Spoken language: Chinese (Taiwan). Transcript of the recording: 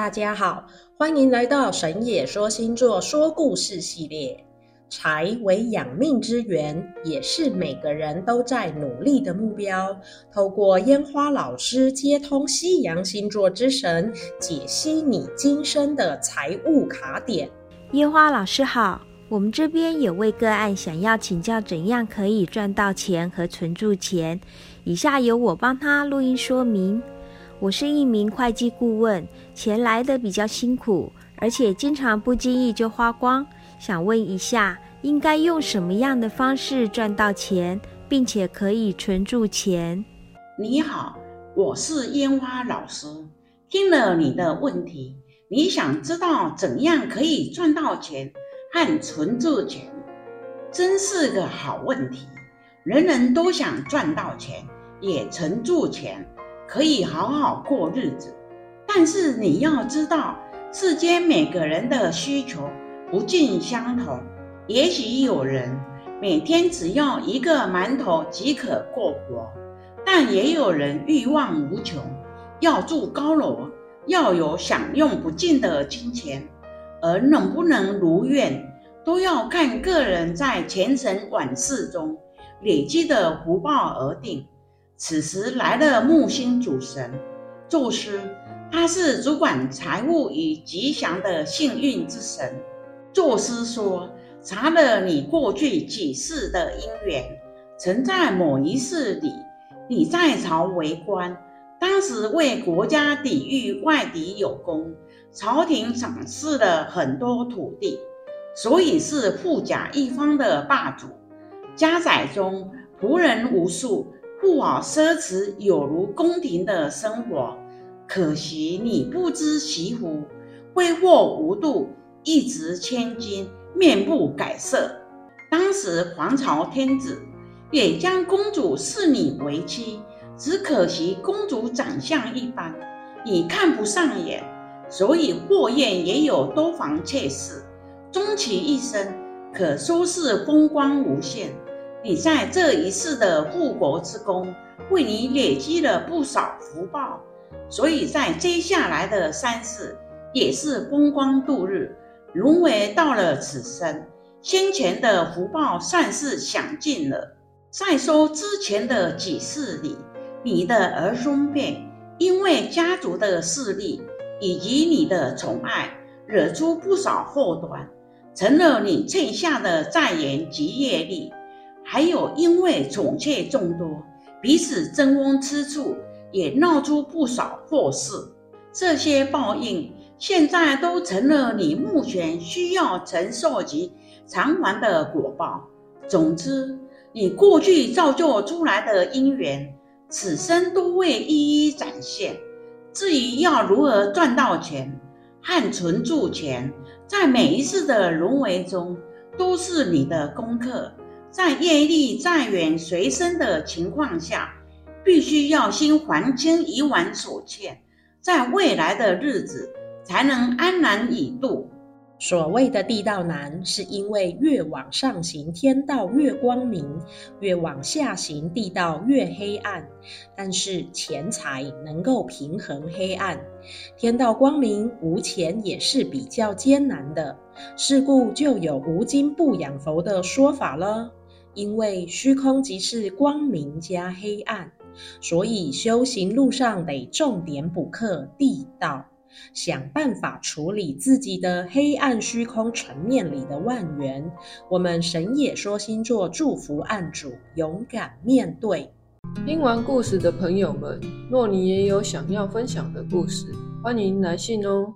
大家好，歡迎來到神野說星座說故事系列。財為養命之源，也是每個人都在努力的目標。透過煙花老師接通西洋星座之神，解析你今生的財務卡點。煙花老師好，我們這邊有位個案想要請教怎樣可以賺到錢和存住錢，以下由我幫他錄音說明。我是一名會計顧問，錢來得比較辛苦，而且經常不經意就花光。想問一下，應該用什麼樣的方式賺到錢，並且可以存住錢？你好，我是煙花老師。聽了你的問題，你想知道怎樣可以賺到錢和存住錢？真是個好問題。人人都想賺到錢，也存住錢。可以好好過日子，但是你要知道，世間每個人的需求不盡相同。也許有人每天只要一個饅頭即可過活，但也有人慾望無窮，要住高樓，要有享用不盡的金錢。而能不能如願，都要看個人在前生往事中累積的福報而定。此時來了木星主神宙斯，他是主管財務與吉祥的幸運之神。宙斯說：“查了你過去幾世的姻緣，曾在某一世裡，你在朝為官，當時為國家抵禦外敵有功，朝廷賞賜了很多土地，所以是富甲一方的霸主，家宅中僕人無數。”富豪奢侈有如宮廷的生活，可惜你不知其福，揮霍無度，一擲千金，面不改色。當時皇朝天子也將公主視你為妻，只可惜公主長相一般，你看不上眼，所以霍彥也有多房妾室，終其一生可說是風光無限。你在這一世的護國之功，為你累積了不少福報，所以在接下來的三世也是風光度日。淪為到了此生，先前的福報算是享盡了。再說之前的幾世裡，你的兒孫輩因為家族的勢力以及你的寵愛，惹出不少禍端，成了你欠下的債緣及業力。還有，因為寵妾眾多，彼此爭翁吃醋，也鬧出不少禍事。這些報應，現在都成了你目前需要承受及償還的果報。總之，你過去造就出來的因緣，此生都未一一展現。至於要如何賺到錢和存住錢，在每一次的輪回中，都是你的功課。在業力債緣隨身的情況下，必須要先還清以往所欠，在未來的日子才能安然以度。所謂的地道難，是因為越往上行天道越光明，越往下行地道越黑暗。但是錢財能夠平衡黑暗，天道光明無錢也是比較艱難的，是故就有無金不養佛的說法了。因為虛空即是光明加黑暗，所以修行路上得重點補課地道，想辦法處理自己的黑暗虛空層面裡的萬緣。我們神野說星座祝福案主勇敢面對。聽完故事的朋友們，若你也有想要分享的故事，歡迎來信哦。